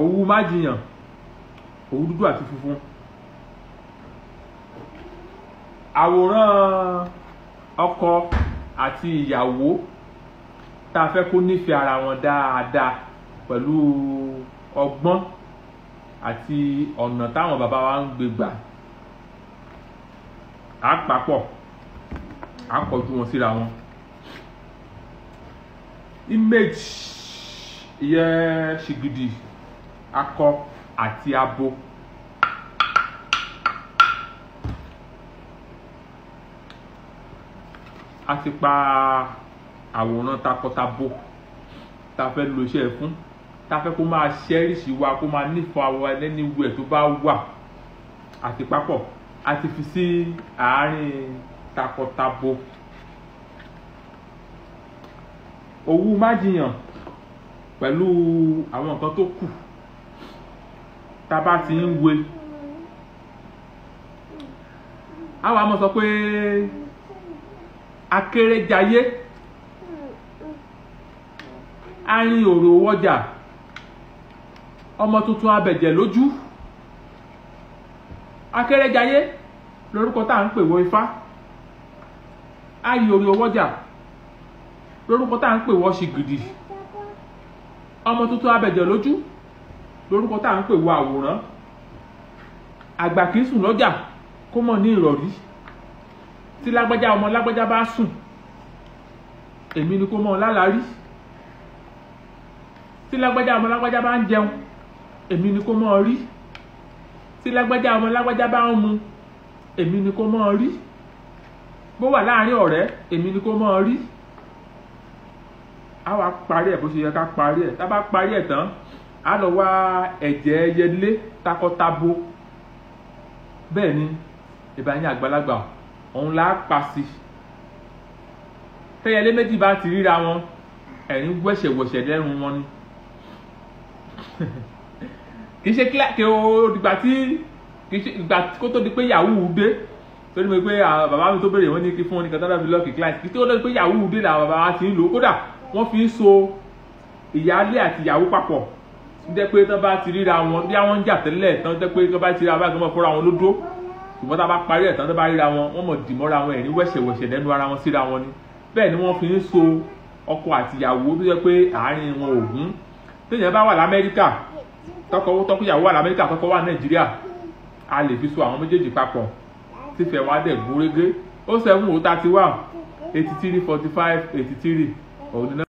òwú má jiyàn òwú dúdú àti funfun àwòrán ọkọ àti ìyàwó tá a fẹ́ kó nífẹ̀ẹ́ ara wọn dáadáa pẹ̀lú ọgbọ́n àti ọ̀nà táwọn bàbá wa ń gbé gbà á papọ̀ á kọjú wọn síra wọn image ìyẹn ṣìgìdì akọ àti abo a ti pa àwòrán takọtabo ta fẹ́ lo iṣẹ́ fún ta fẹ́ kó máa ṣẹ́rìṣì wa kó máa nífọ̀ àwọn ẹlẹ́ni wẹ̀ tó bá wà àti papọ̀ a ti fi sí àárín takọtabo òwú má pẹ̀lú àwọn nǹkan tó kù tá a bá ti ń we a wá mọ̀ sọ pé akérèjayé arin òrò wọjà ọmọ tuntun abẹ̀jẹ̀ lójú akérèjayé lórúkọ tá à ń pè wọ ifá arin òrò wọjà lórúkọ tá à ń pè wọ ṣìgìdì ọmọ tuntun abẹ̀jẹ̀ lójú lórúkọ tá à ń pè wọ àwòrán àgbà kì í sùn lọ́jà kó mọ̀ ní ìrọ̀rí tí lágbájá ọmọ lágbájá bá sùn èmi ni kó mọ̀ lálàárí tí lágbájá ọmọ lágbájá bá ń jẹun èmi ni kó mọ̀ rí tí lágbájá ọmọ lágbájá bá ń mu èmi ni kó mọ̀ rí bó wà láàárín ọ̀rẹ́ èmi ni kó mọ̀ rí a wá parí ẹ̀ bó ṣe yẹ ká parí ẹ̀ tá a bá parí ẹ̀ tán a lọ wá ẹ̀jẹ̀ ẹyẹlé takọtabo bẹ́ẹ̀ ni ìbá yín àgbàlagbà òun là á pa sí tẹ́yẹlé méjì bá ti ríra wọn ẹ̀rín wẹ̀ṣẹ̀wẹ̀ṣẹ̀ lẹ́rùn wọn ni kì í ṣe kí o dìgbà tí kì í ṣe ìgbà kó tó di pé yahoo dé torí mi pé bàbá mi tó béèrè wọn ní kí fún wọn ní kàtàdà fi lọ́ọ̀kì client kì í tó di pé yahoo dé làwọn bàbá wa ti ń lò kódà wọ́n fi ń so ìyáálé àti ìyàwó papọ̀ jẹ́ pé tán bá ti ríra wọn bí àwọn ń jà tẹ́lẹ̀ tán jẹ́ pé tán bá ti ríra báyìí tán mọ̀ fúnra wọn lódó ṣùgbọ́n tá a bá parí ẹ̀ tán tán bá ríra wọn wọ́n mọ̀ dì wọn ẹ̀rín wẹ̀ṣẹ̀wẹ̀ṣẹ̀ lẹ́nu ara wọn síra wọn ni bẹ́ẹ̀ ni wọ́n fi ń so ọkọ àti ìyàwó tó jẹ́ pé àárín wọn ò gún téèyàn bá wà lamẹ́ríkà tọkọ tọkọyàwó wà lamẹ́ríkà tọkọ wà